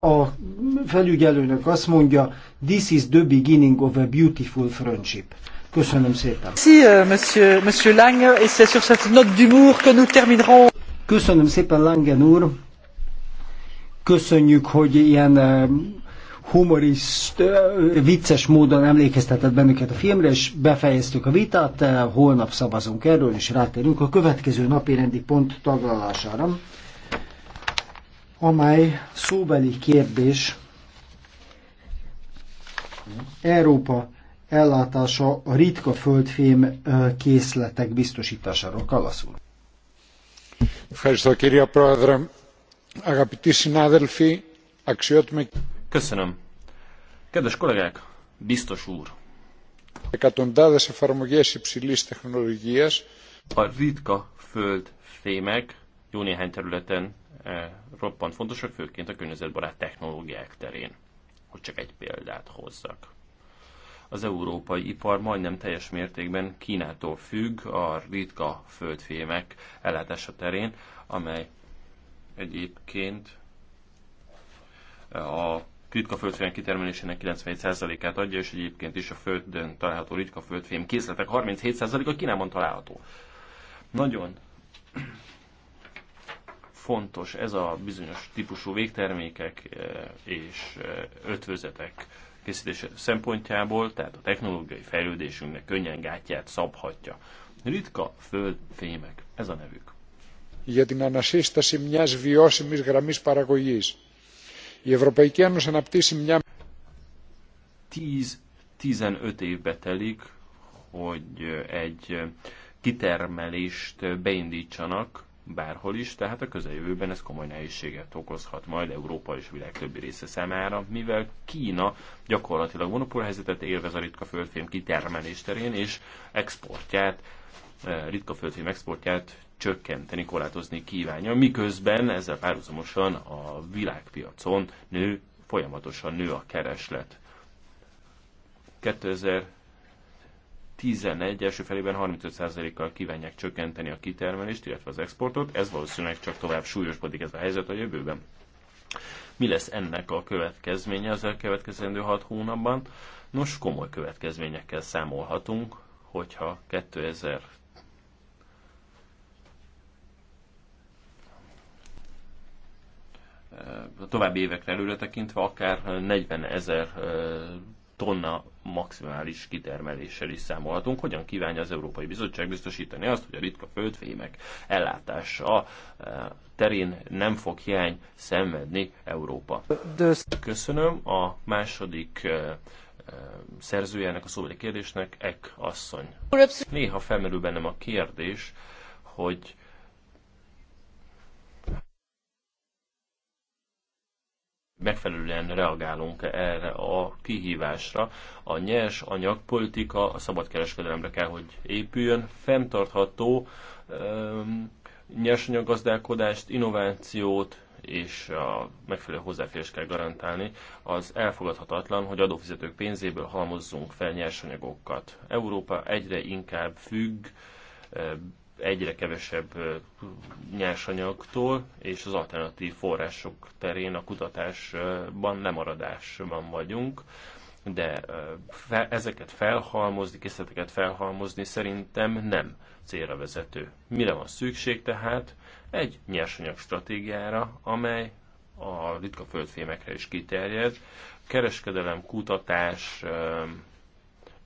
a felügyelőnök azt mondja, this is the beginning of a beautiful friendship. Köszönöm szépen. Euh, monsieur, monsieur Lang, et c'est sur cette note d'humour que nous terminerons. Köszönöm szépen, Langen úr. Köszönjük, hogy ilyen humorist, vicces módon emlékeztetett bennünket a filmre, és befejeztük a vitát, holnap szavazunk erről, és rátérünk a következő napi rendi pont taglalására amely szóbeli kérdés Európa ellátása a ritka földfém készletek biztosításáról. Kalaszul. Köszönöm. Kedves kollégák, biztos úr! A ritka földfémek jó néhány területen roppant fontosak, főként a környezetbarát technológiák terén, hogy csak egy példát hozzak. Az európai ipar majdnem teljes mértékben Kínától függ a ritka földfémek ellátása terén, amely egyébként a ritka földfém kitermelésének 97%-át adja, és egyébként is a földön található ritka földfém készletek 37%-a Kínában található. Nagyon fontos ez a bizonyos típusú végtermékek eh, és eh, ötvözetek készítése szempontjából, tehát a technológiai fejlődésünknek könnyen gátját szabhatja. Ritka földfémek, ez a nevük. Για την ανασύσταση μιας βιώσιμης γραμμής παραγωγής. Η Ευρωπαϊκή Ένωση αναπτύσσει μια... 10-15 évbe telik, hogy eh, egy kitermelést beindítsanak bárhol is, tehát a közeljövőben ez komoly nehézséget okozhat majd Európa és világ többi része számára, mivel Kína gyakorlatilag monopólhelyzetet élvez a ritka földfém kitermelés terén, és exportját, eh, ritka földfém exportját csökkenteni, korlátozni kívánja, miközben ezzel párhuzamosan a világpiacon nő, folyamatosan nő a kereslet. 2000 2011 első felében 35%-kal kívánják csökkenteni a kitermelést, illetve az exportot. Ez valószínűleg csak tovább súlyosbodik ez a helyzet a jövőben. Mi lesz ennek a következménye az elkövetkezendő 6 hónapban? Nos, komoly következményekkel számolhatunk, hogyha 2000 a további évekre előre tekintve akár 40 ezer tonna maximális kitermeléssel is számolhatunk. Hogyan kívánja az Európai Bizottság biztosítani azt, hogy a ritka földfémek ellátása eh, terén nem fog hiány szenvedni Európa? Köszönöm. A második eh, eh, szerzőjének a szóbeli kérdésnek, Ek asszony. Néha felmerül bennem a kérdés, hogy megfelelően reagálunk erre a kihívásra. A nyers anyagpolitika a szabadkereskedelemre kell, hogy épüljön, fentartható um, nyersanyaggazdálkodást, innovációt és a megfelelő hozzáférést kell garantálni. Az elfogadhatatlan, hogy adófizetők pénzéből halmozzunk fel nyersanyagokat. Európa egyre inkább függ egyre kevesebb nyersanyagtól, és az alternatív források terén a kutatásban lemaradásban vagyunk, de fe, ezeket felhalmozni, készleteket felhalmozni szerintem nem célra vezető. Mire van szükség tehát? Egy nyersanyag stratégiára, amely a ritka földfémekre is kiterjed, kereskedelem, kutatás,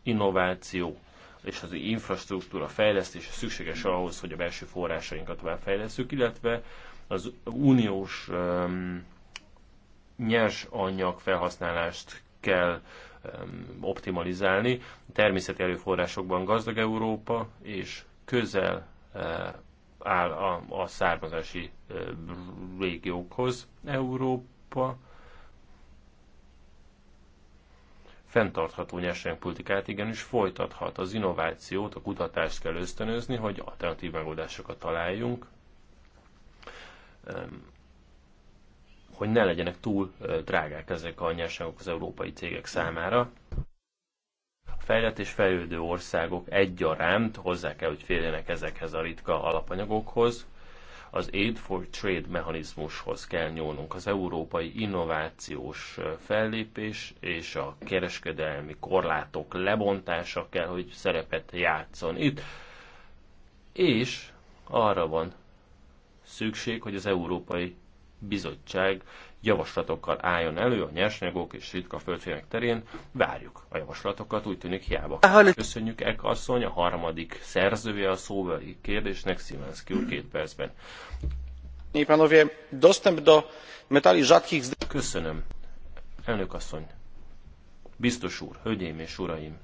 innováció és az infrastruktúra fejlesztése szükséges ahhoz, hogy a belső forrásainkat tovább fejlesztjük, illetve az uniós um, nyers anyag felhasználást kell um, optimalizálni. Természeti erőforrásokban gazdag Európa, és közel uh, áll a, a származási uh, régiókhoz Európa fenntartható nyersanyagpolitikát igenis folytathat. Az innovációt, a kutatást kell ösztönözni, hogy alternatív megoldásokat találjunk, hogy ne legyenek túl drágák ezek a nyersanyagok az európai cégek számára. A fejlett és fejlődő országok egyaránt hozzá kell, hogy férjenek ezekhez a ritka alapanyagokhoz, az Aid for Trade mechanizmushoz kell nyúlnunk. Az európai innovációs fellépés és a kereskedelmi korlátok lebontása kell, hogy szerepet játszon itt. És arra van szükség, hogy az Európai Bizottság javaslatokkal álljon elő a nyersanyagok és ritka földfények terén. Várjuk a javaslatokat, úgy tűnik hiába. Köszönjük Ek asszony, a harmadik szerzője a szóveli kérdésnek, Szimanszki úr két percben. Köszönöm. Elnök asszony, biztos úr, hölgyeim és uraim,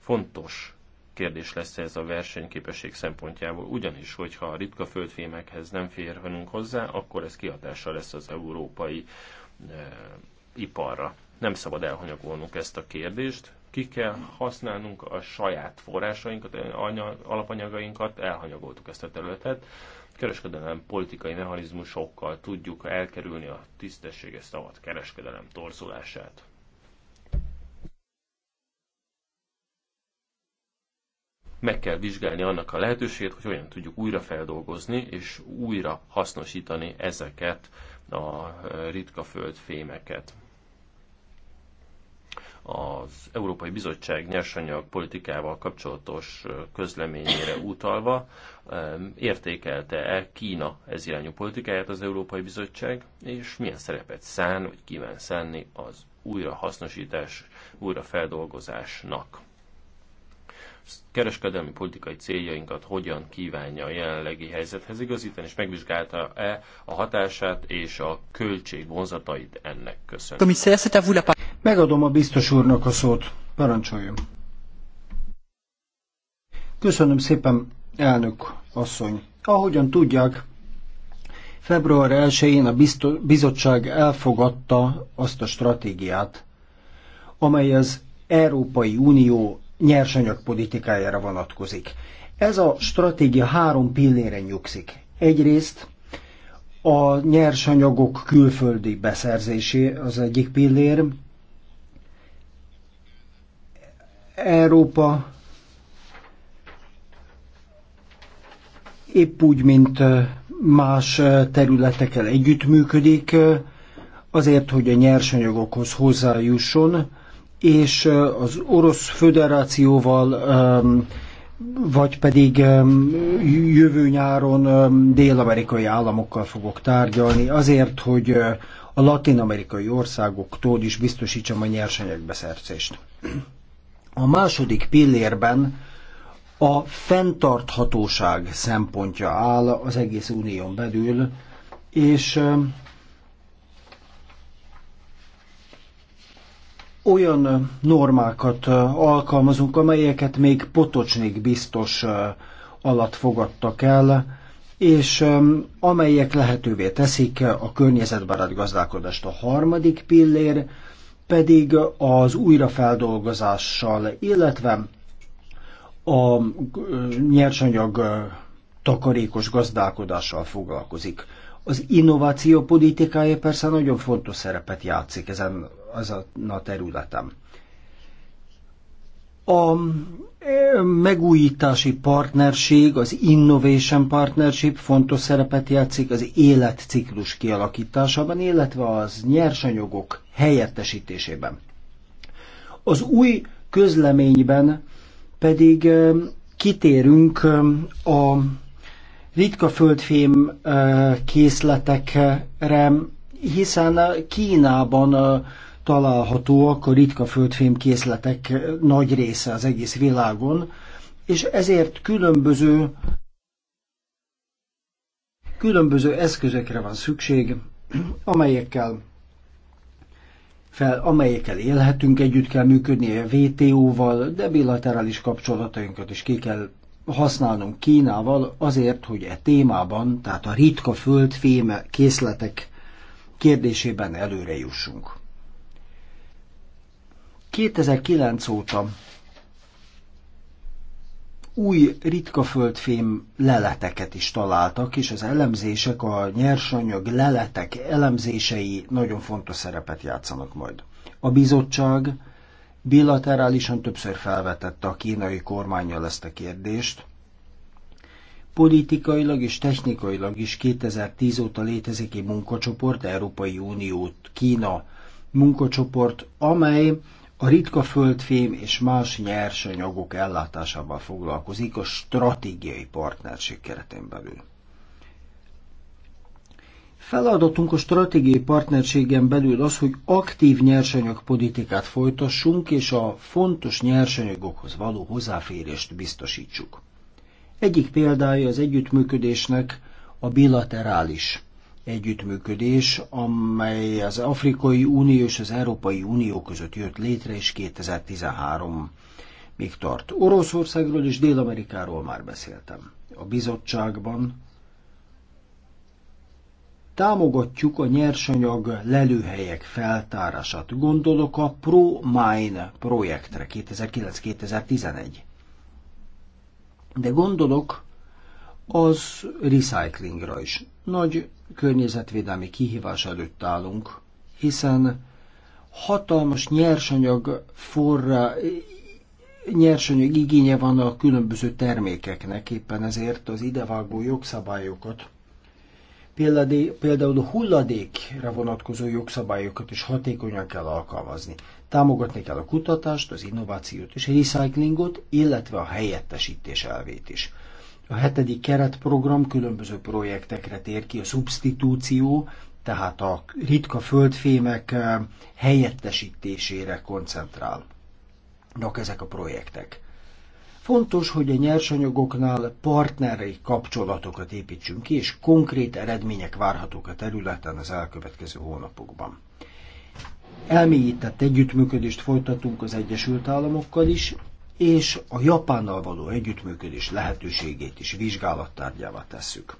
fontos kérdés lesz ez a versenyképesség szempontjából, ugyanis, hogyha a ritka földfémekhez nem férhenünk hozzá, akkor ez kihatással lesz az európai e, iparra. Nem szabad elhanyagolnunk ezt a kérdést, ki kell használnunk a saját forrásainkat, alapanyagainkat, elhanyagoltuk ezt a területet, kereskedelem politikai mechanizmusokkal tudjuk elkerülni a tisztességes szabad kereskedelem torzulását. meg kell vizsgálni annak a lehetőségét, hogy olyan tudjuk újra feldolgozni és újra hasznosítani ezeket a e, ritka földfémeket. Az Európai Bizottság nyersanyag politikával kapcsolatos e, közleményére utalva e, értékelte-e Kína ez irányú politikáját az Európai Bizottság, és milyen szerepet szán, vagy kíván szánni az újrahasznosítás, újrafeldolgozásnak kereskedelmi politikai céljainkat hogyan kívánja a jelenlegi helyzethez igazítani, és megvizsgálta-e a hatását és a költség vonzatait ennek köszönöm. Megadom a biztos úrnak a szót. Parancsoljon. Köszönöm szépen, elnök asszony. Ahogyan tudják, február 1-én a bizottság elfogadta azt a stratégiát, amely az Európai Unió nyersanyagpolitikájára vonatkozik. Ez a stratégia három pilléren nyugszik. Egyrészt a nyersanyagok külföldi beszerzésé az egyik pillér. Európa épp úgy, mint más területekkel együttműködik, azért, hogy a nyersanyagokhoz hozzájusson, és az Orosz Föderációval vagy pedig jövő nyáron dél-amerikai államokkal fogok tárgyalni azért, hogy a latin-amerikai országoktól is biztosítsam a nyersanyagbeszerzést. A második pillérben a fenntarthatóság szempontja áll az egész unión belül, és olyan normákat alkalmazunk, amelyeket még Potocsnik biztos alatt fogadtak el, és amelyek lehetővé teszik a környezetbarát gazdálkodást. A harmadik pillér pedig az újrafeldolgozással, illetve a nyersanyag takarékos gazdálkodással foglalkozik. Az innováció politikája persze nagyon fontos szerepet játszik ezen a, a területen. A e, megújítási partnerség, az Innovation Partnership fontos szerepet játszik az életciklus kialakításában, illetve az nyersanyagok helyettesítésében. Az új közleményben pedig e, kitérünk e, a ritka földfém készletekre, hiszen Kínában találhatóak a ritka földfém készletek nagy része az egész világon, és ezért különböző különböző eszközökre van szükség, amelyekkel fel, amelyekkel élhetünk, együtt kell működni a vto val de bilaterális kapcsolatainkat is ki kell használnunk Kínával azért, hogy e témában, tehát a ritka földféme készletek kérdésében előre jussunk. 2009 óta új ritka földfém leleteket is találtak, és az elemzések, a nyersanyag leletek elemzései nagyon fontos szerepet játszanak majd. A bizottság Bilaterálisan többször felvetette a kínai kormányjal ezt a kérdést. Politikailag és technikailag is 2010 óta létezik egy munkacsoport, Európai Uniót, Kína munkacsoport, amely a ritka földfém és más nyersanyagok ellátásával foglalkozik a stratégiai partnerség keretén belül. Feladatunk a stratégiai partnerségen belül az, hogy aktív nyersanyagpolitikát folytassunk, és a fontos nyersanyagokhoz való hozzáférést biztosítsuk. Egyik példája az együttműködésnek a bilaterális együttműködés, amely az Afrikai Unió és az Európai Unió között jött létre, és 2013 még tart. Oroszországról és Dél-Amerikáról már beszéltem. A bizottságban Támogatjuk a nyersanyag lelőhelyek feltárását. Gondolok a ProMine projektre 2009-2011. De gondolok az recyclingra is. Nagy környezetvédelmi kihívás előtt állunk, hiszen hatalmas nyersanyag forra, nyersanyag igénye van a különböző termékeknek, éppen ezért az idevágó jogszabályokat Például a hulladékra vonatkozó jogszabályokat is hatékonyan kell alkalmazni. Támogatni kell a kutatást, az innovációt és a recyclingot, illetve a helyettesítés elvét is. A hetedik keretprogram különböző projektekre tér ki a szubstitúció, tehát a ritka földfémek eh, helyettesítésére koncentrál. Nak ezek a projektek. Fontos, hogy a nyersanyagoknál partneri kapcsolatokat építsünk ki, és konkrét eredmények várhatók a területen az elkövetkező hónapokban. Elmélyített együttműködést folytatunk az Egyesült Államokkal is, és a Japánnal való együttműködés lehetőségét is vizsgálattárgyává tesszük.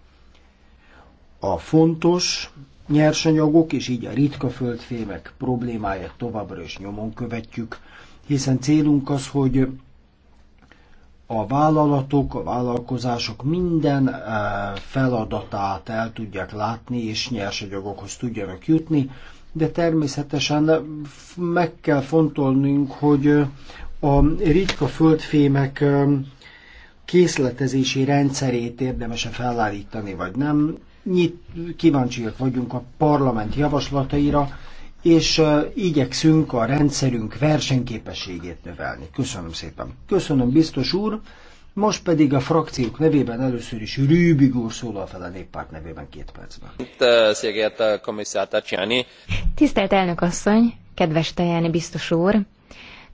A fontos nyersanyagok és így a ritka földfémek problémáját továbbra is nyomon követjük, hiszen célunk az, hogy a vállalatok, a vállalkozások minden eh, feladatát el tudják látni, és nyersanyagokhoz tudjanak jutni, de természetesen meg kell fontolnunk, hogy eh, a ritka földfémek eh, készletezési rendszerét érdemese felállítani, vagy nem. Nyit, kíváncsiak vagyunk a parlament javaslataira, és igyekszünk a rendszerünk versenyképességét növelni. Köszönöm szépen. Köszönöm, biztos úr. Most pedig a frakciók nevében először is Rübig úr szólal fel a néppárt nevében két percben. A Tisztelt elnök asszony, kedves Tajáni biztos úr,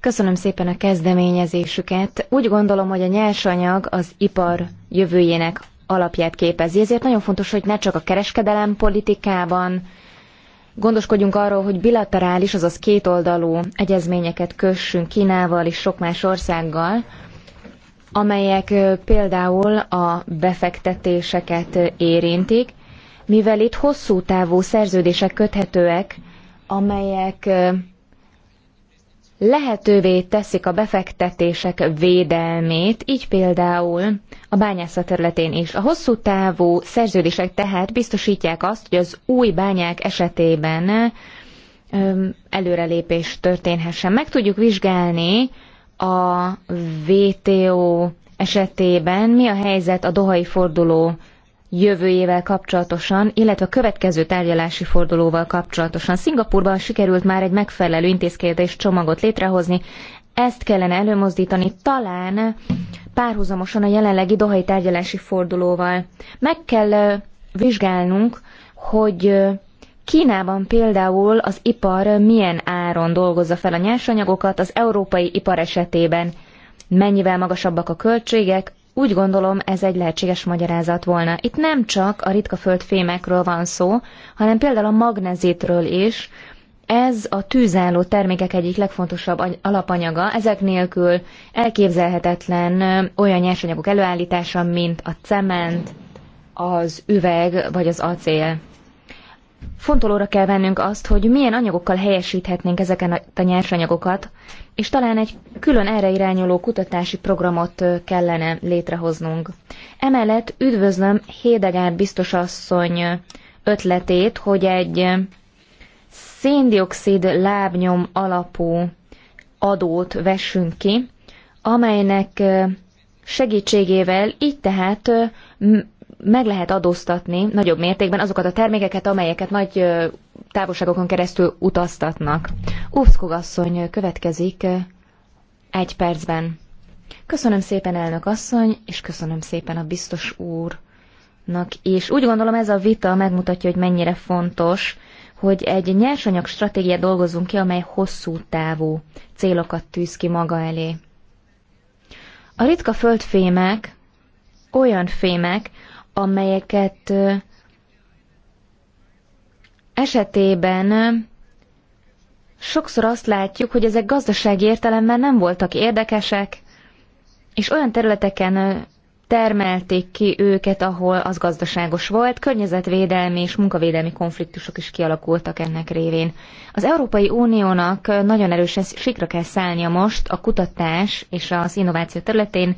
Köszönöm szépen a kezdeményezésüket. Úgy gondolom, hogy a nyersanyag az ipar jövőjének alapját képezi, ezért nagyon fontos, hogy ne csak a kereskedelem politikában, gondoskodjunk arról, hogy bilaterális, azaz kétoldalú egyezményeket kössünk Kínával és sok más országgal, amelyek például a befektetéseket érintik, mivel itt hosszú távú szerződések köthetőek, amelyek lehetővé teszik a befektetések védelmét, így például a bányászat területén is. A hosszú távú szerződések tehát biztosítják azt, hogy az új bányák esetében előrelépés történhessen. Meg tudjuk vizsgálni a VTO esetében mi a helyzet a dohai forduló jövőjével kapcsolatosan, illetve a következő tárgyalási fordulóval kapcsolatosan. Szingapurban sikerült már egy megfelelő intézkedés csomagot létrehozni, ezt kellene előmozdítani talán párhuzamosan a jelenlegi dohai tárgyalási fordulóval. Meg kell vizsgálnunk, hogy Kínában például az ipar milyen áron dolgozza fel a nyersanyagokat, az európai ipar esetében mennyivel magasabbak a költségek, úgy gondolom, ez egy lehetséges magyarázat volna. Itt nem csak a ritka földfémekről van szó, hanem például a magnezitről is. Ez a tűzálló termékek egyik legfontosabb alapanyaga. Ezek nélkül elképzelhetetlen olyan nyersanyagok előállítása, mint a cement, az üveg vagy az acél fontolóra kell vennünk azt, hogy milyen anyagokkal helyesíthetnénk ezeken a nyersanyagokat, és talán egy külön erre irányuló kutatási programot kellene létrehoznunk. Emellett üdvözlöm Hédegár biztosasszony ötletét, hogy egy széndiokszid lábnyom alapú adót vessünk ki, amelynek segítségével így tehát meg lehet adóztatni nagyobb mértékben azokat a termékeket, amelyeket nagy távolságokon keresztül utaztatnak. Úszkog asszony következik egy percben. Köszönöm szépen, elnök asszony, és köszönöm szépen a biztos úrnak. És úgy gondolom ez a vita megmutatja, hogy mennyire fontos, hogy egy nyersanyag stratégiát dolgozunk ki, amely hosszú távú célokat tűz ki maga elé. A ritka földfémek olyan fémek, amelyeket esetében sokszor azt látjuk, hogy ezek gazdasági értelemben nem voltak érdekesek, és olyan területeken termelték ki őket, ahol az gazdaságos volt, környezetvédelmi és munkavédelmi konfliktusok is kialakultak ennek révén. Az Európai Uniónak nagyon erősen sikra kell szállnia most a kutatás és az innováció területén,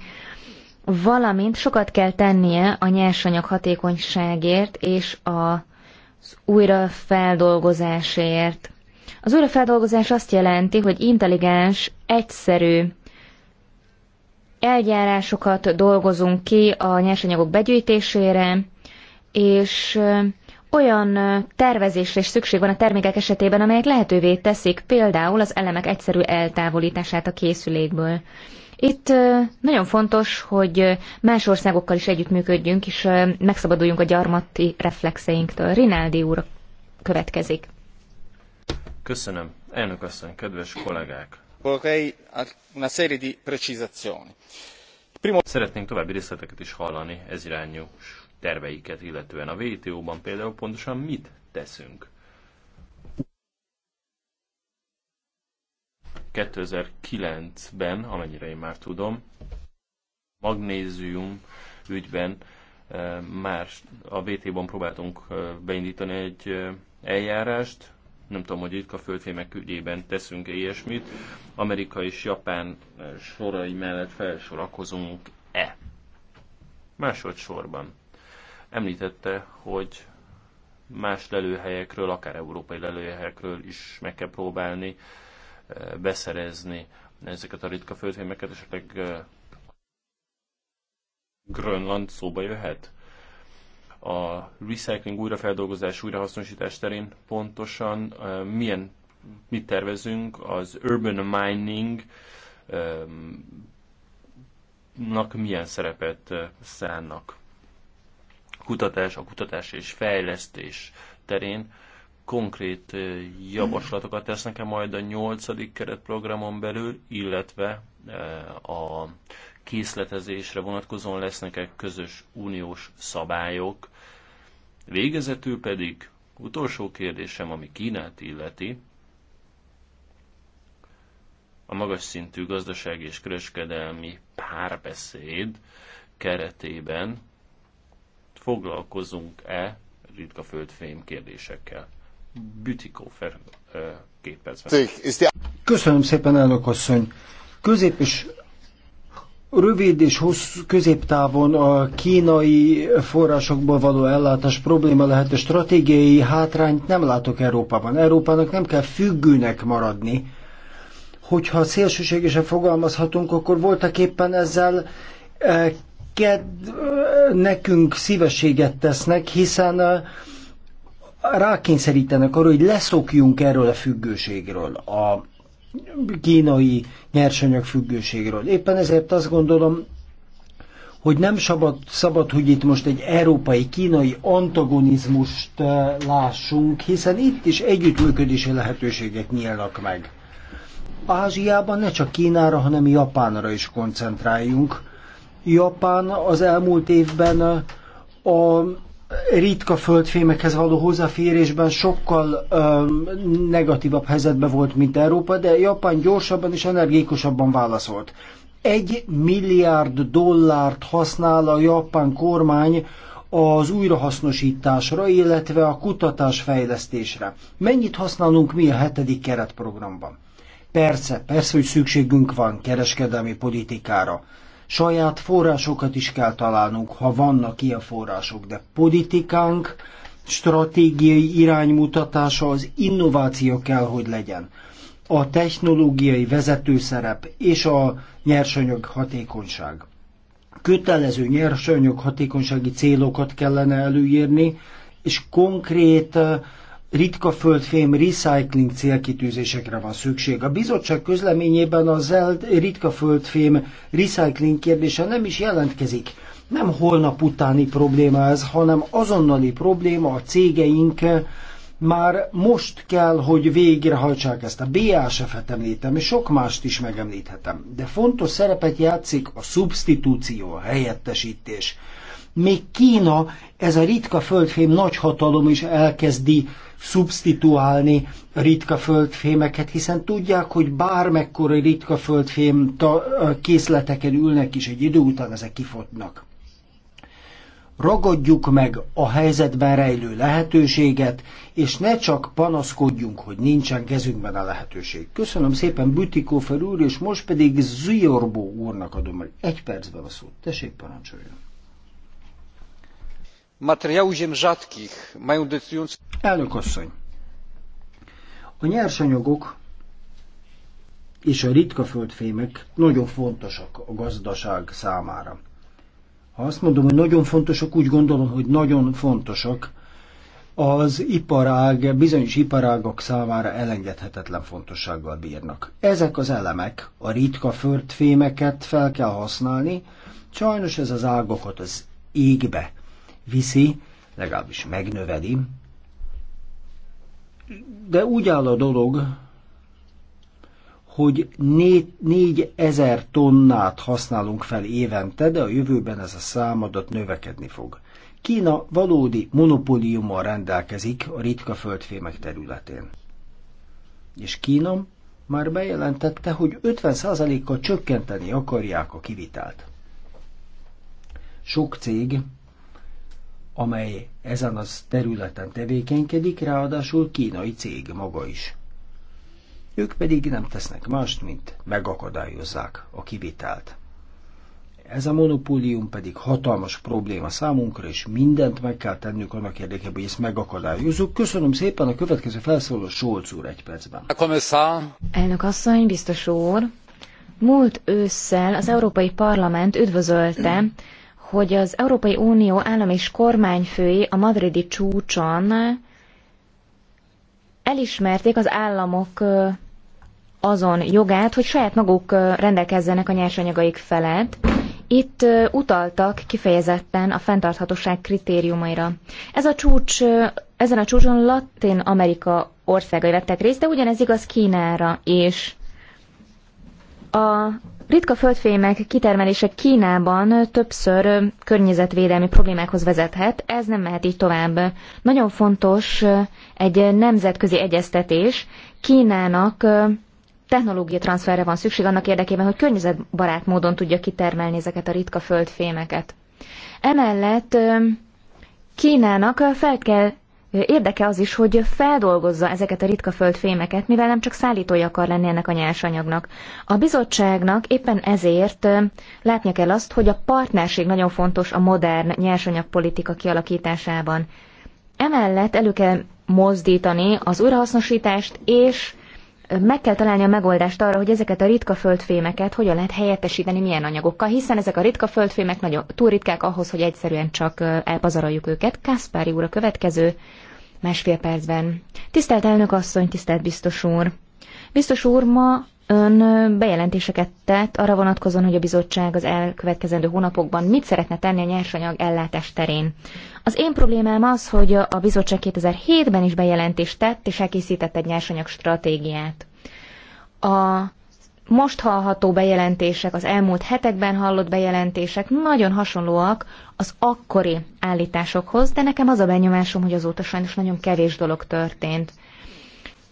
valamint sokat kell tennie a nyersanyag hatékonyságért és az újrafeldolgozásért. Az újrafeldolgozás azt jelenti, hogy intelligens, egyszerű eljárásokat dolgozunk ki a nyersanyagok begyűjtésére, és olyan tervezésre is szükség van a termékek esetében, amelyek lehetővé teszik például az elemek egyszerű eltávolítását a készülékből. Itt nagyon fontos, hogy más országokkal is együttműködjünk, és megszabaduljunk a gyarmati reflexeinktől. Rinaldi úr következik. Köszönöm. Elnök asszony, kedves kollégák! una serie di precisazioni. Primo... Szeretnénk további részleteket is hallani ez irányú terveiket, illetően a WTO-ban például pontosan mit teszünk. 2009-ben, amennyire én már tudom, magnézium ügyben eh, már a vt ban próbáltunk eh, beindítani egy eh, eljárást, nem tudom, hogy itt a földfémek ügyében teszünk-e ilyesmit, Amerika és Japán sorai mellett felsorakozunk-e? Másodszorban említette, hogy más lelőhelyekről, akár európai lelőhelyekről is meg kell próbálni beszerezni ezeket a ritka földfémeket, esetleg Grönland szóba jöhet? A recycling, újrafeldolgozás, újrahasznosítás terén pontosan milyen, mit tervezünk az urban mining nak milyen szerepet szánnak. Kutatás, a kutatás és fejlesztés terén konkrét javaslatokat tesz nekem majd a nyolcadik keretprogramon belül, illetve a készletezésre vonatkozóan lesznek-e közös uniós szabályok. Végezetül pedig utolsó kérdésem, ami Kínát illeti, a magas szintű gazdasági és kereskedelmi párbeszéd keretében foglalkozunk-e ritka földfém kérdésekkel két percben. Köszönöm szépen, elnök asszony. Közép és rövid és hosszú középtávon a kínai forrásokból való ellátás probléma lehet, a stratégiai hátrányt nem látok Európában. Európának nem kell függőnek maradni. Hogyha szélsőségesen fogalmazhatunk, akkor voltak éppen ezzel eh, ked eh, nekünk szívességet tesznek, hiszen eh, rákényszerítenek arra, hogy leszokjunk erről a függőségről, a kínai nyersanyag függőségről. Éppen ezért azt gondolom, hogy nem szabad, szabad, hogy itt most egy európai-kínai antagonizmust eh, lássunk, hiszen itt is együttműködési lehetőségek nyílnak meg. Ázsiában ne csak Kínára, hanem Japánra is koncentráljunk. Japán az elmúlt évben eh, a ritka földfémekhez való hozzáférésben sokkal ö, negatívabb helyzetben volt, mint Európa, de Japán gyorsabban és energikusabban válaszolt. Egy milliárd dollárt használ a japán kormány az újrahasznosításra, illetve a kutatás fejlesztésre. Mennyit használunk mi a hetedik keretprogramban? Persze, persze, hogy szükségünk van kereskedelmi politikára saját forrásokat is kell találnunk, ha vannak ilyen források, de politikánk, stratégiai iránymutatása az innováció kell, hogy legyen. A technológiai vezetőszerep és a nyersanyag hatékonyság. Kötelező nyersanyag hatékonysági célokat kellene előírni, és konkrét ritka földfém recycling célkitűzésekre van szükség. A bizottság közleményében a zeld ritka földfém recycling kérdése nem is jelentkezik. Nem holnap utáni probléma ez, hanem azonnali probléma a cégeink már most kell, hogy végrehajtsák ezt. A BASF-et említem, és sok mást is megemlíthetem. De fontos szerepet játszik a szubstitúció, a helyettesítés. Még Kína, ez a ritka földfém nagyhatalom is elkezdi uh, szubstituálni ritka földfémeket, hiszen tudják, hogy bármekkora ritka földfém készleteken ülnek is egy idő után ezek kifotnak. Ragadjuk meg a helyzetben rejlő lehetőséget, és ne csak panaszkodjunk, hogy nincsen kezünkben a lehetőség. Köszönöm szépen Bütikófer úr, és most pedig Ziorbo úrnak adom hogy Egy percben a szót. Tessék, parancsoljon materiałów ziem rzadkich mają decydujący... Elnök asszony! A nyersanyagok és a ritka földfémek nagyon fontosak a gazdaság számára. Ha azt mondom, hogy nagyon fontosak, úgy gondolom, hogy nagyon fontosak, az iparág, bizonyos iparágok számára elengedhetetlen fontossággal bírnak. Ezek az elemek, a ritka földfémeket fel kell használni, sajnos ez az ágokat az égbe viszi, legalábbis megnöveli. De úgy áll a dolog, hogy négy ezer tonnát használunk fel évente, de a jövőben ez a számadat növekedni fog. Kína valódi monopóliummal rendelkezik a ritka földfémek területén. És Kína már bejelentette, hogy 50%-kal csökkenteni akarják a kivitelt. Sok cég amely ezen az területen tevékenykedik, ráadásul kínai cég maga is. Ők pedig nem tesznek mást, mint megakadályozzák a kivitelt. Ez a monopólium pedig hatalmas probléma számunkra, és mindent meg kell tennünk annak érdekében, hogy ezt megakadályozzuk. Köszönöm szépen a következő felszóló Solc úr egy percben. Elnök asszony, biztos úr, múlt ősszel az Európai Parlament üdvözölte hogy az Európai Unió állam és kormányfői a madridi csúcson elismerték az államok azon jogát, hogy saját maguk rendelkezzenek a nyersanyagaik felett. Itt utaltak kifejezetten a fenntarthatóság kritériumaira. Ez a csúcs, ezen a csúcson Latin Amerika országai vettek részt, de ugyanez igaz Kínára is. A ritka földfémek kitermelése Kínában többször környezetvédelmi problémákhoz vezethet, ez nem mehet így tovább. Nagyon fontos egy nemzetközi egyeztetés. Kínának technológia transferre van szükség annak érdekében, hogy környezetbarát módon tudja kitermelni ezeket a ritka földfémeket. Emellett Kínának fel kell Érdeke az is, hogy feldolgozza ezeket a ritka földfémeket, mivel nem csak szállítója akar lenni ennek a nyersanyagnak. A bizottságnak éppen ezért látnia kell azt, hogy a partnerség nagyon fontos a modern nyersanyagpolitika kialakításában. Emellett elő kell mozdítani az újrahasznosítást és meg kell találni a megoldást arra, hogy ezeket a ritka földfémeket hogyan lehet helyettesíteni milyen anyagokkal, hiszen ezek a ritka földfémek nagyon túl ritkák ahhoz, hogy egyszerűen csak elpazaroljuk őket. Kaspári úr a következő másfél percben. Tisztelt elnök asszony, tisztelt biztos úr! Biztos úr, ma Ön bejelentéseket tett arra vonatkozóan, hogy a bizottság az elkövetkezendő hónapokban mit szeretne tenni a nyersanyag ellátás terén. Az én problémám az, hogy a bizottság 2007-ben is bejelentést tett, és elkészített egy nyersanyag stratégiát. A most hallható bejelentések, az elmúlt hetekben hallott bejelentések nagyon hasonlóak az akkori állításokhoz, de nekem az a benyomásom, hogy azóta sajnos nagyon kevés dolog történt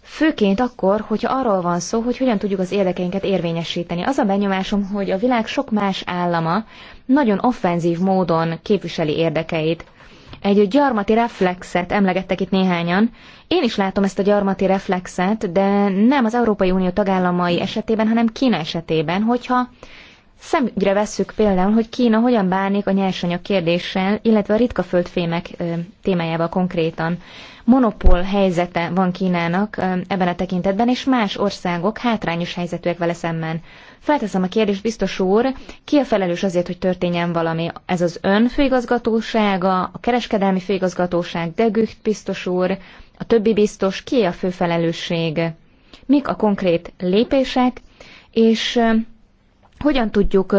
főként akkor, hogyha arról van szó, hogy hogyan tudjuk az érdekeinket érvényesíteni. Az a benyomásom, hogy a világ sok más állama nagyon offenzív módon képviseli érdekeit. Egy gyarmati reflexet emlegettek itt néhányan. Én is látom ezt a gyarmati reflexet, de nem az Európai Unió tagállamai esetében, hanem Kína esetében, hogyha Szemügyre vesszük például, hogy Kína hogyan bánik a nyersanyag kérdéssel, illetve a ritka földfémek témájával konkrétan. Monopól helyzete van Kínának ebben a tekintetben, és más országok hátrányos helyzetűek vele szemben. Felteszem a kérdést, biztos úr, ki a felelős azért, hogy történjen valami? Ez az ön főigazgatósága, a kereskedelmi főigazgatóság, Degücht biztos úr, a többi biztos, ki a fő felelősség? Mik a konkrét lépések? És hogyan tudjuk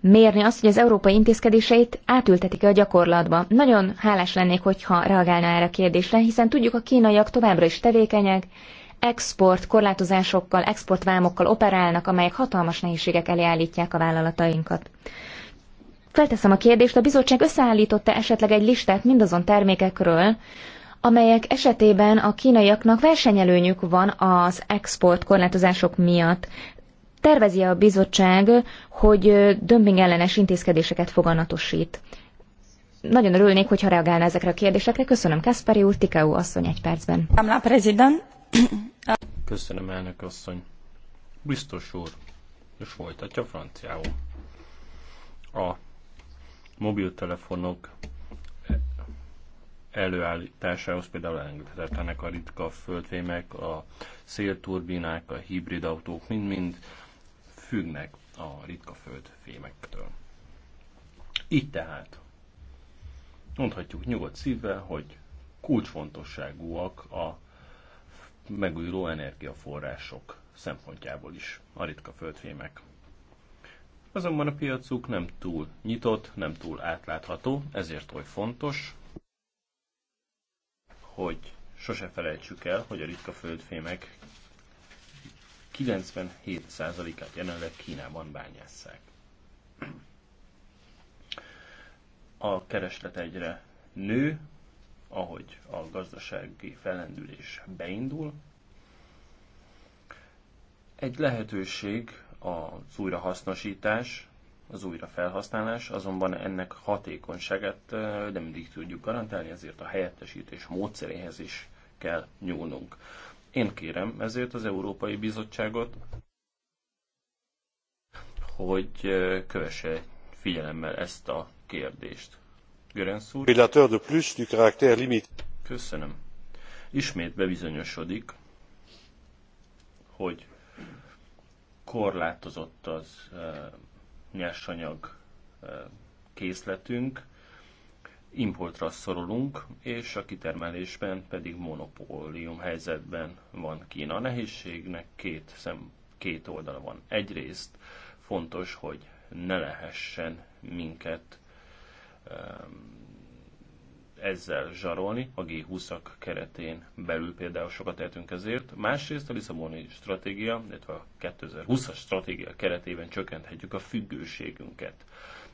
mérni azt, hogy az európai intézkedéseit átültetik-e a gyakorlatba. Nagyon hálás lennék, hogyha reagálna erre a kérdésre, hiszen tudjuk, a kínaiak továbbra is tevékenyek, export korlátozásokkal, exportvámokkal operálnak, amelyek hatalmas nehézségek elé állítják a vállalatainkat. Felteszem a kérdést, a bizottság összeállította esetleg egy listát mindazon termékekről, amelyek esetében a kínaiaknak versenyelőnyük van az export korlátozások miatt tervezi a bizottság, hogy dömping ellenes intézkedéseket foganatosít? Nagyon örülnék, hogyha reagálna ezekre a kérdésekre. Köszönöm Kaspari úr, Tikeu asszony egy percben. Köszönöm elnök asszony. Biztos úr, és folytatja franciául. A mobiltelefonok előállításához például elengedhetetlenek a ritka földvémek, a szélturbinák, a hibrid autók mind-mind függnek a ritka földfémektől. Így tehát mondhatjuk nyugodt szívvel, hogy kulcsfontosságúak a megújuló energiaforrások szempontjából is a ritka földfémek. Azonban a piacuk nem túl nyitott, nem túl átlátható, ezért oly fontos, hogy sose felejtsük el, hogy a ritka földfémek 97%-át jelenleg Kínában bányásszák. A kereslet egyre nő, ahogy a gazdasági fellendülés beindul. Egy lehetőség az újrahasznosítás, az újrafelhasználás, azonban ennek hatékonyságát nem mindig tudjuk garantálni, ezért a helyettesítés módszeréhez is kell nyúlnunk. Én kérem ezért az Európai Bizottságot, hogy kövesse figyelemmel ezt a kérdést. Görensz úr. de plus du caractère Köszönöm. Ismét bebizonyosodik, hogy korlátozott az uh, nyersanyag uh, készletünk, importra szorulunk, és a kitermelésben pedig monopólium helyzetben van Kína. A nehézségnek két, szem, két oldala van. Egyrészt fontos, hogy ne lehessen minket ehm, ezzel zsarolni, a G20-ak keretén belül például sokat tehetünk ezért. Másrészt a Lisszaboni stratégia, illetve a 2020-as stratégia keretében csökkenthetjük a függőségünket.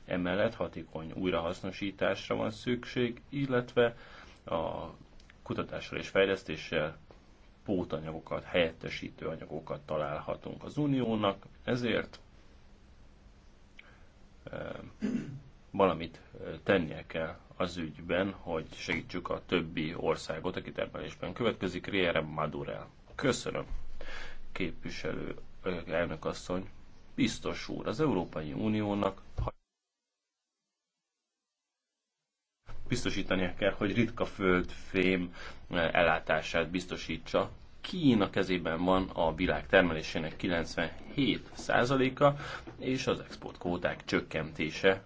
Emellett hatékony újrahasznosításra van szükség, illetve a kutatással és fejlesztéssel pótanyagokat, helyettesítő anyagokat találhatunk az uniónak, ezért valamit tennie kell az ügyben, hogy segítsük a többi országot a kitermelésben. Következik Riera Madurel. Köszönöm, képviselő elnök asszony, Biztos úr, az Európai Uniónak biztosítania kell, hogy ritka földfém eh, ellátását biztosítsa. Kína kezében van a világ termelésének 97%-a, és az exportkvóták csökkentése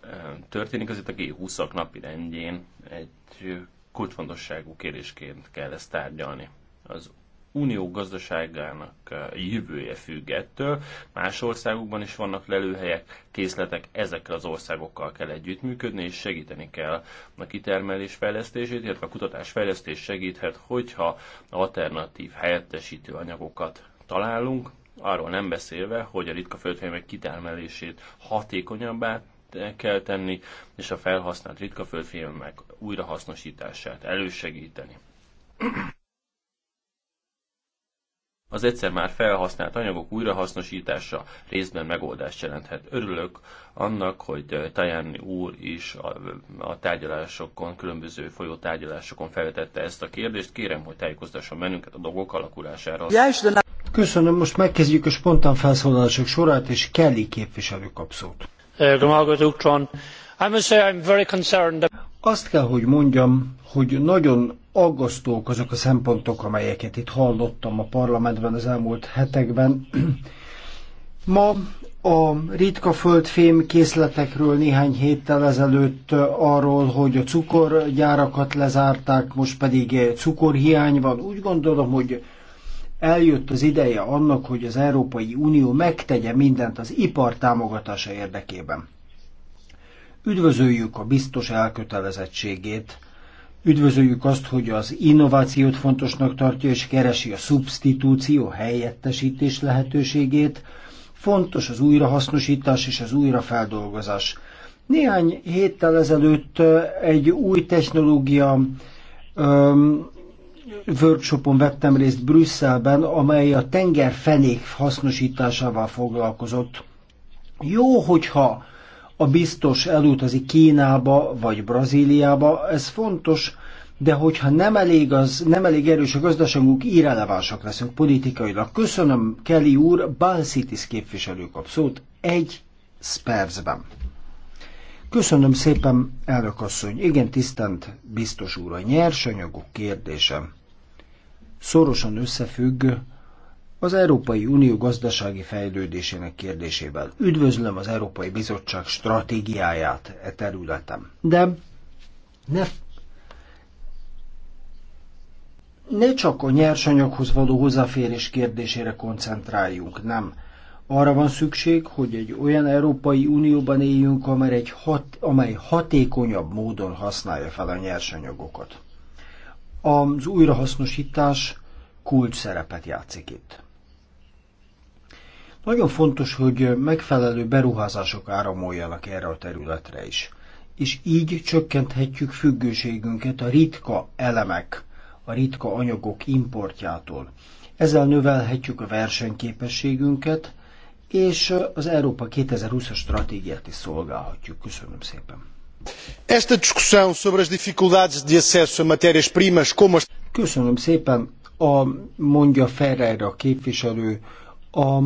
eh, történik, azért a G20-ak napi rendjén egy kulcsfontosságú kérdésként kell ezt tárgyalni. Az unió gazdaságának eh, jövője függ ettől. Más országokban is vannak lelőhelyek, készletek, ezekkel az országokkal kell együttműködni, és segíteni kell a kitermelés fejlesztését, illetve a kutatás fejlesztés segíthet, hogyha alternatív helyettesítő anyagokat találunk, arról nem beszélve, hogy a ritka földfémek kitermelését hatékonyabbá kell tenni, és a felhasznált ritka földfémek újrahasznosítását elősegíteni az egyszer már felhasznált anyagok újrahasznosítása részben megoldást jelenthet. Örülök annak, hogy eh, Tajani úr is a, a tárgyalásokon, különböző folyó tárgyalásokon felvetette ezt a kérdést. Kérem, hogy tájékoztasson bennünket a dolgok alakulására. Köszönöm, most megkezdjük a spontán felszólalások sorát, és Kelly képviselő kap szót. Eh, I'm very concerned. Azt kell, hogy mondjam, hogy nagyon aggasztók azok a szempontok, amelyeket itt hallottam a parlamentben az elmúlt hetekben. Ma a ritka földfém készletekről néhány héttel ezelőtt arról, hogy a cukorgyárakat lezárták, most pedig cukorhiány van. Úgy gondolom, hogy eljött az ideje annak, hogy az Európai Unió megtegye mindent az ipar támogatása érdekében. Üdvözöljük a biztos elkötelezettségét, üdvözöljük azt, hogy az innovációt fontosnak tartja és keresi a szubstitúció helyettesítés lehetőségét, fontos az újrahasznosítás és az újrafeldolgozás. Néhány héttel ezelőtt eh, egy új technológia um, workshopon vettem részt Brüsszelben, amely a tengerfenék hasznosításával foglalkozott. Jó, hogyha a biztos elutazik Kínába vagy Brazíliába, ez fontos, de hogyha nem elég, az, nem elég erős a gazdaságunk, irrelevánsak leszünk politikailag. Köszönöm, Kelly úr, Balszitis képviselő kap szót egy percben. Köszönöm szépen, elnök asszony. Igen, tisztelt biztos úr, a nyersanyagok kérdése szorosan összefügg az Európai Unió gazdasági fejlődésének kérdésével. Üdvözlöm az Európai Bizottság stratégiáját e területen. De ne, ne csak a nyersanyaghoz való hozzáférés kérdésére koncentráljunk, nem. Arra van szükség, hogy egy olyan Európai Unióban éljünk, amely, egy hat, amely hatékonyabb módon használja fel a nyersanyagokat. Az újrahasznosítás kulcs szerepet játszik itt. Nagyon fontos, hogy megfelelő beruházások áramoljanak erre a területre is. És így csökkenthetjük függőségünket a ritka elemek, a ritka anyagok importjától. Ezzel növelhetjük a versenyképességünket, és az Európa 2020-as stratégiát is szolgálhatjuk. Köszönöm szépen. Esta discussão sobre as dificuldades de acesso a matérias primas como as... Köszönöm szépen, a, mondja Ferreira képviselő, a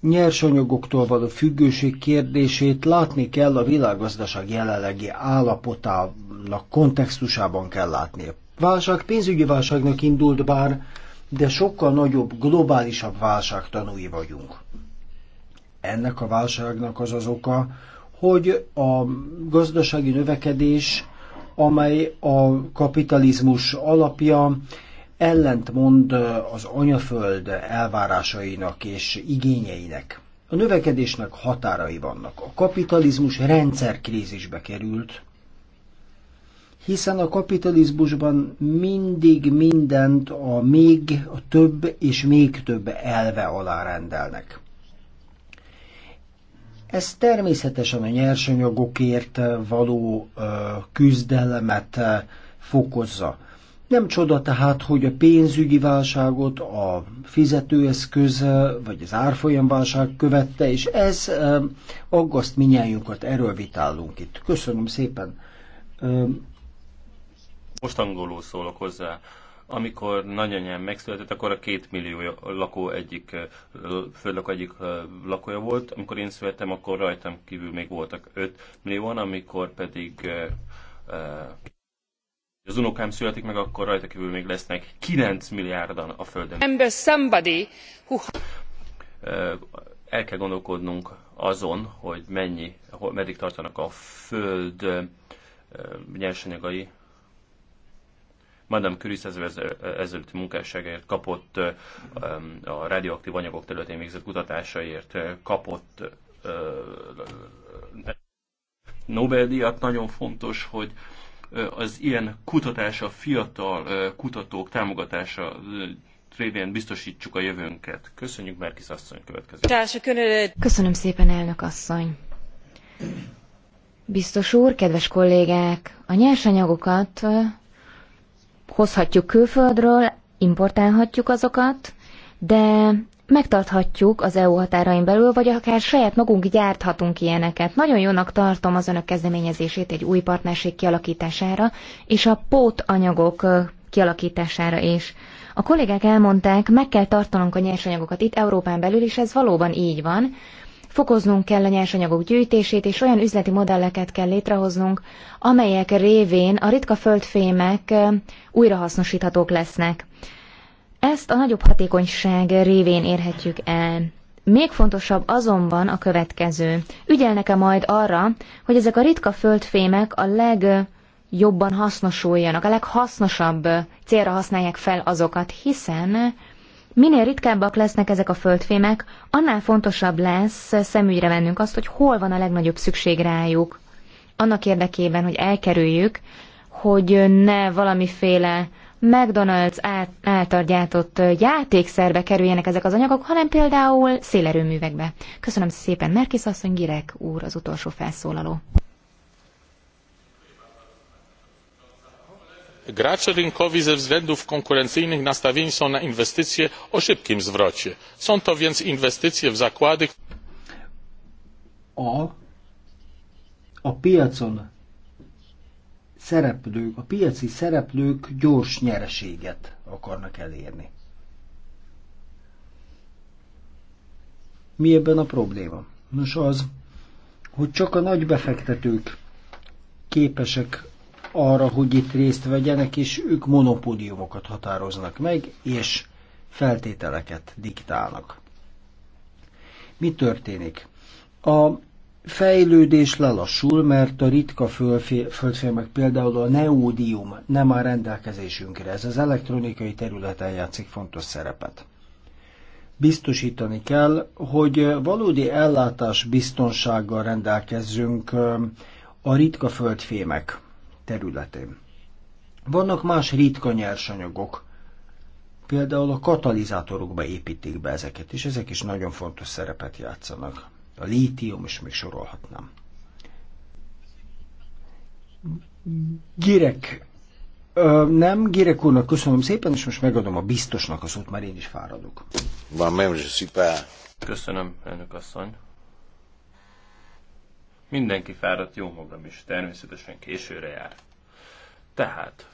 nyersanyagoktól való függőség kérdését látni kell a világgazdaság jelenlegi állapotának kontextusában kell látni. Válság pénzügyi válságnak indult bár, de sokkal nagyobb, globálisabb válság tanúi vagyunk. Ennek a válságnak az az oka, hogy a gazdasági növekedés, amely a kapitalizmus alapja, ellentmond az anyaföld elvárásainak és igényeinek. A növekedésnek határai vannak. A kapitalizmus rendszerkrízisbe került, hiszen a kapitalizmusban mindig mindent a még a több és még több elve alá rendelnek. Ez természetesen a nyersanyagokért való küzdelemet fokozza. Nem csoda tehát, hogy a pénzügyi válságot a fizetőeszköz vagy az árfolyamválság követte, és ez aggaszt minnyájunkat, erről vitálunk itt. Köszönöm szépen. Most angolul szólok hozzá. Amikor nagyanyám megszületett, akkor a két millió lakó egyik, földlakó egyik lakója volt. Amikor én születtem, akkor rajtam kívül még voltak 5 millióan, amikor pedig az unokám születik meg, akkor rajta kívül még lesznek 9 milliárdan a Földön. ember, somebody who... El kell gondolkodnunk azon, hogy mennyi, meddig tartanak a Föld nyersanyagai. Madame Curie ezelőtti munkásságért kapott, a radioaktív anyagok területén végzett kutatásaiért kapott Nobel-díjat. Nagyon fontos, hogy az ilyen kutatása, fiatal kutatók támogatása révén biztosítsuk a jövőnket. Köszönjük, Merkis asszony következő. Köszönöm szépen, elnök asszony. Biztos úr, kedves kollégák, a nyersanyagokat hozhatjuk külföldről, importálhatjuk azokat, de megtarthatjuk az EU határain belül, vagy akár saját magunk gyárthatunk ilyeneket. Nagyon jónak tartom az önök kezdeményezését egy új partnerség kialakítására, és a pótanyagok kialakítására is. A kollégák elmondták, meg kell tartanunk a nyersanyagokat itt Európán belül, és ez valóban így van. Fokoznunk kell a nyersanyagok gyűjtését, és olyan üzleti modelleket kell létrehoznunk, amelyek révén a ritka földfémek újrahasznosíthatók lesznek. Ezt a nagyobb hatékonyság révén érhetjük el. Még fontosabb azonban a következő. Ügyelnek-e majd arra, hogy ezek a ritka földfémek a legjobban hasznosuljanak, a leghasznosabb célra használják fel azokat, hiszen minél ritkábbak lesznek ezek a földfémek, annál fontosabb lesz szemügyre vennünk azt, hogy hol van a legnagyobb szükség rájuk. Annak érdekében, hogy elkerüljük, hogy ne valamiféle McDonald's által gyártott játékszerbe kerüljenek ezek az anyagok, hanem például szélerőművekbe. Köszönöm szépen, Merkis asszony, Girek úr az utolsó felszólaló. gracze rynkowi ze względów konkurencyjnych nastawieni są na inwestycje o szybkim zwrocie. są to więc inwestycje w zakłady a, a piacon szereplők, a piaci szereplők gyors nyereséget akarnak elérni. Mi ebben a probléma? Nos az, hogy csak a nagy befektetők képesek arra, hogy itt részt vegyenek, és ők monopóliumokat határoznak meg, és feltételeket diktálnak. Mi történik? A fejlődés lelassul, mert a ritka földfémek, például a neódium nem áll rendelkezésünkre. Ez az elektronikai területen játszik fontos szerepet. Biztosítani kell, hogy valódi ellátás biztonsággal rendelkezzünk a ritka földfémek területén. Vannak más ritka nyersanyagok, például a katalizátorokba építik be ezeket, és ezek is nagyon fontos szerepet játszanak a lítium, és még sorolhatnám. Gyerek, nem, Gyerek úrnak köszönöm szépen, és most megadom a biztosnak az szót, már én is fáradok. Van, nem, Köszönöm, elnök asszony. Mindenki fáradt, jó magam is, természetesen későre jár. Tehát,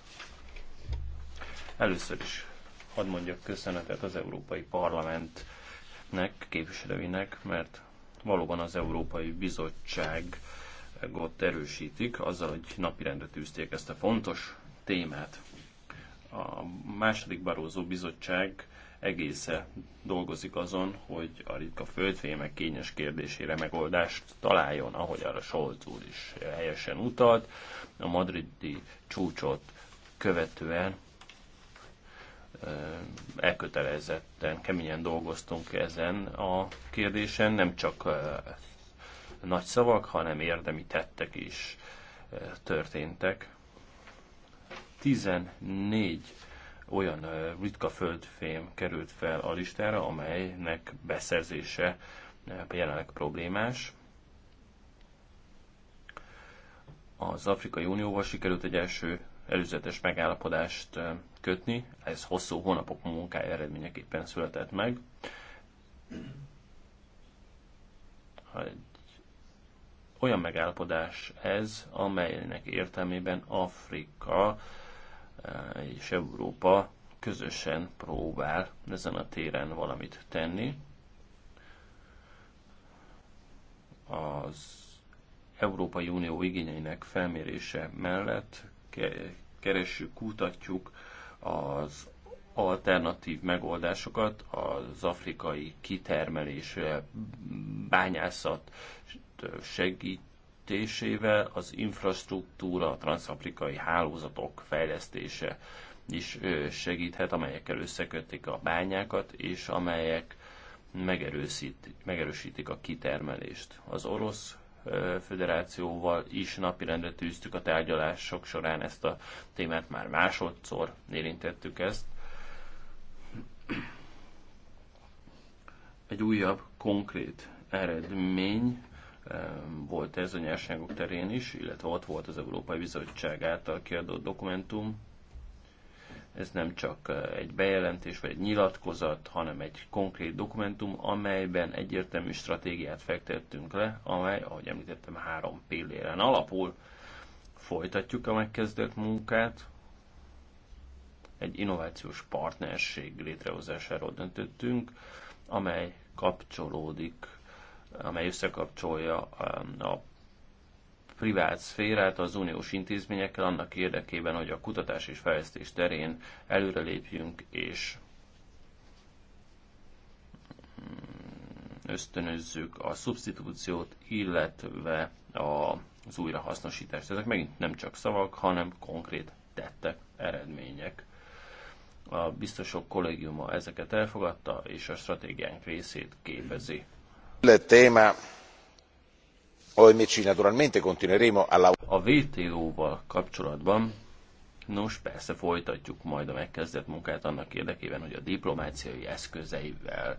először is hadd mondjak köszönetet az Európai Parlamentnek, képviselőinek, mert valóban az Európai Bizottságot erősítik, azzal, hogy napirendre tűzték ezt a fontos témát. A második Barózó Bizottság egészen dolgozik azon, hogy a ritka földfémek kényes kérdésére megoldást találjon, ahogy arra Scholz úr is helyesen utalt. A madridi csúcsot követően elkötelezetten, keményen dolgoztunk ezen a kérdésen, nem csak nagy szavak, hanem érdemi tettek is történtek. 14 olyan ritka földfém került fel a listára, amelynek beszerzése jelenleg problémás. Az Afrikai Unióval sikerült egy első előzetes megállapodást kötni. Ez hosszú hónapok munkája eredményeképpen született meg. olyan megállapodás ez, amelynek értelmében Afrika és Európa közösen próbál ezen a téren valamit tenni. Az Európai Unió igényeinek felmérése mellett keressük, kutatjuk az alternatív megoldásokat, az afrikai kitermelés, bányászat segítésével, az infrastruktúra, a transafrikai hálózatok fejlesztése is segíthet, amelyekkel összekötik a bányákat, és amelyek megerősítik a kitermelést. Az orosz Föderációval is napirendre tűztük a tárgyalások során ezt a témát, már másodszor érintettük ezt. Egy újabb konkrét eredmény volt ez a nyerságok terén is, illetve ott volt az Európai Bizottság által kiadott dokumentum, ez nem csak egy bejelentés vagy egy nyilatkozat, hanem egy konkrét dokumentum, amelyben egyértelmű stratégiát fektettünk le, amely, ahogy említettem, három pilléren alapul. Folytatjuk a megkezdett munkát, egy innovációs partnerség létrehozásáról döntöttünk, amely kapcsolódik, amely összekapcsolja a privát szférát az uniós intézményekkel annak érdekében, hogy a kutatás és fejlesztés terén előrelépjünk és mm, ösztönözzük a szubstitúciót, illetve az újrahasznosítást. Ezek megint nem csak szavak, hanem konkrét tettek, eredmények. A biztosok kollégiuma ezeket elfogadta, és a stratégiánk részét képezi. Le téma OMC naturalmente continueremo a A vto val kapcsolatban Nos, persze folytatjuk majd a megkezdett munkát annak érdekében, hogy a diplomáciai eszközeivel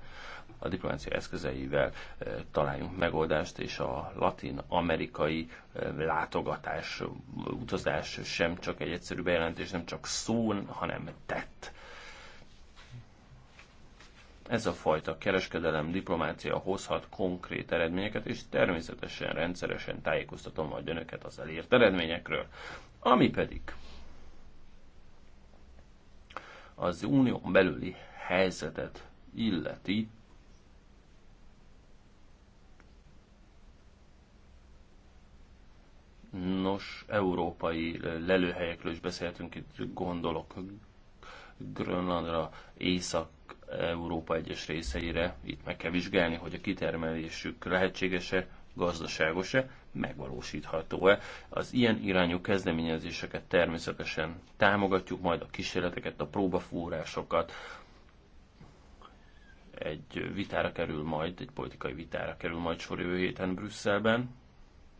a diplomáciai eszközeivel e, találjunk megoldást, és a latin-amerikai e, látogatás, utazás sem csak egy egyszerű bejelentés, nem csak szó, hanem tett ez a fajta kereskedelem, diplomácia hozhat konkrét eredményeket, és természetesen rendszeresen tájékoztatom majd önöket az elért eredményekről. Ami pedig az unión belüli helyzetet illeti, Nos, európai lelőhelyekről is beszéltünk, itt gondolok Grönlandra, észak Európa egyes részeire. Itt meg kell vizsgálni, hogy a kitermelésük lehetséges-e, gazdaságos-e, megvalósítható-e. Az ilyen irányú kezdeményezéseket természetesen támogatjuk, majd a kísérleteket, a próbafúrásokat, egy vitára kerül majd, egy politikai vitára kerül majd sor jövő héten Brüsszelben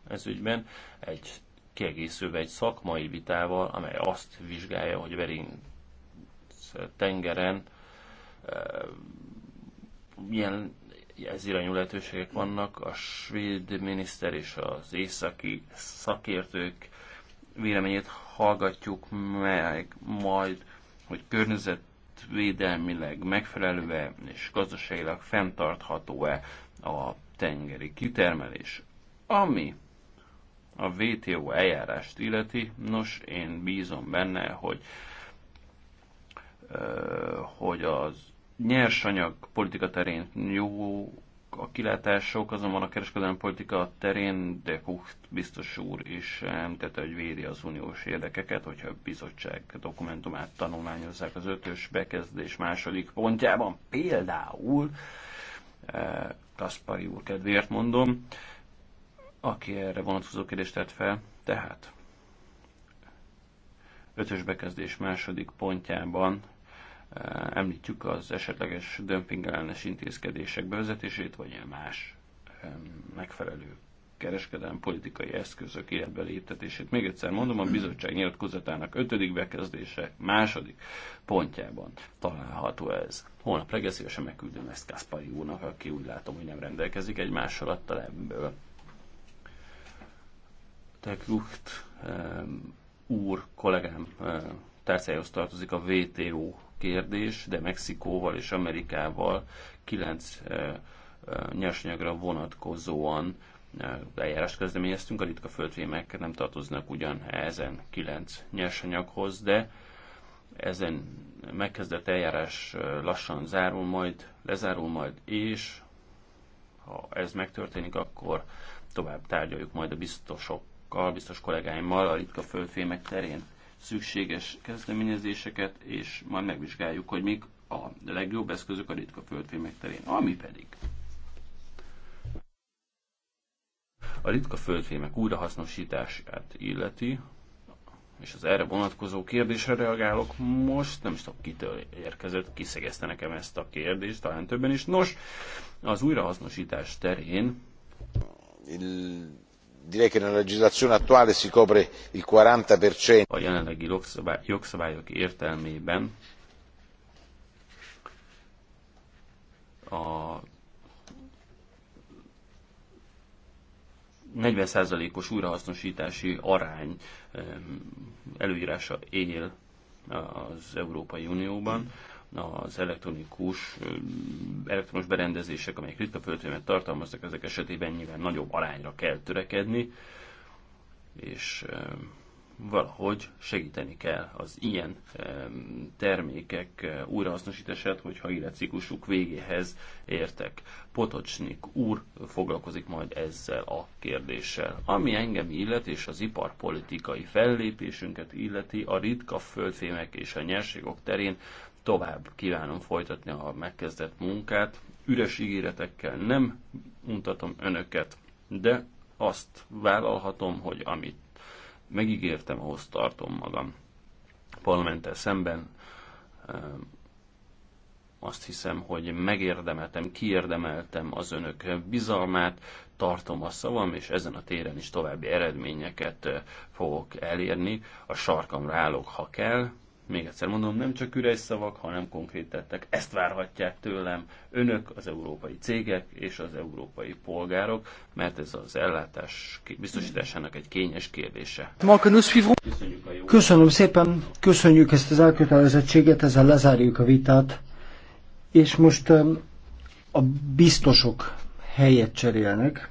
ez ügyben, egy kiegészülve egy szakmai vitával, amely azt vizsgálja, hogy verin tengeren milyen ez irányú lehetőségek vannak. A svéd miniszter és az északi szakértők véleményét hallgatjuk meg majd, hogy környezetvédelmileg megfelelő-e és gazdaságilag fenntartható-e a tengeri kitermelés. Ami a WTO eljárást illeti, nos, én bízom benne, hogy hogy az nyersanyag politika terén jó a kilátások, azonban a kereskedelmi politika terén, de Hucht biztos úr is említette, hogy védi az uniós érdekeket, hogyha a bizottság dokumentumát tanulmányozzák az ötös bekezdés második pontjában. Például eh, Kaspari úr kedvéért mondom, aki erre vonatkozó kérdést tett fel, tehát ötös bekezdés második pontjában említjük az esetleges dömpingellenes intézkedések bevezetését, vagy más megfelelő kereskedelmi politikai eszközök életbe léptetését. Még egyszer mondom, a bizottság nyilatkozatának ötödik bekezdése második pontjában található ez. Holnap reggel szívesen megküldöm ezt Kaspari úrnak, aki úgy látom, hogy nem rendelkezik egy másolattal ebből. Teklucht um, úr kollégám um, tárcájához tartozik a WTO kérdés, de Mexikóval és Amerikával kilenc eh, eh, nyersanyagra vonatkozóan eh, eljárást kezdeményeztünk, a ritka földfémek nem tartoznak ugyan ezen kilenc nyersanyaghoz, de ezen megkezdett eljárás lassan zárul majd, lezárul majd, és ha ez megtörténik, akkor tovább tárgyaljuk majd a biztosokkal, biztos kollégáimmal a ritka földfémek terén szükséges kezdeményezéseket, és majd megvizsgáljuk, hogy mik a legjobb eszközök a ritka földfémek terén. Ami pedig a ritka földfémek újrahasznosítását illeti, és az erre vonatkozó kérdésre reagálok most, nem is tudom kitől érkezett, kiszegezte nekem ezt a kérdést, talán többen is. Nos, az újrahasznosítás terén direi che nella legislazione attuale si copre il 40%. A jelenlegi jogszabályok értelmében a 40%-os újrahasznosítási arány előírása él az Európai Unióban az elektronikus, elektronos berendezések, amelyek ritka földfémet tartalmaznak, ezek esetében nyilván nagyobb arányra kell törekedni, és valahogy segíteni kell az ilyen termékek újrahasznosítását, hogyha életciklusuk végéhez értek. Potocsnik úr foglalkozik majd ezzel a kérdéssel. Ami engem illet és az iparpolitikai fellépésünket illeti, a ritka földfémek és a nyerségok terén tovább kívánom folytatni a megkezdett munkát. Üres ígéretekkel nem mutatom önöket, de azt vállalhatom, hogy amit megígértem, ahhoz tartom magam. Parlamenttel szemben ehm, azt hiszem, hogy megérdemeltem, kiérdemeltem az önök bizalmát, tartom a szavam, és ezen a téren is további eredményeket eh, fogok elérni. A sarkamra állok, ha kell, még egyszer mondom, nem csak üres szavak, hanem konkrét tettek. Ezt várhatják tőlem önök, az európai cégek és az európai polgárok, mert ez az ellátás biztosításának egy kényes kérdése. Köszönöm szépen, köszönjük ezt az elkötelezettséget, ezzel lezárjuk a vitát. És most um, a biztosok helyet cserélnek.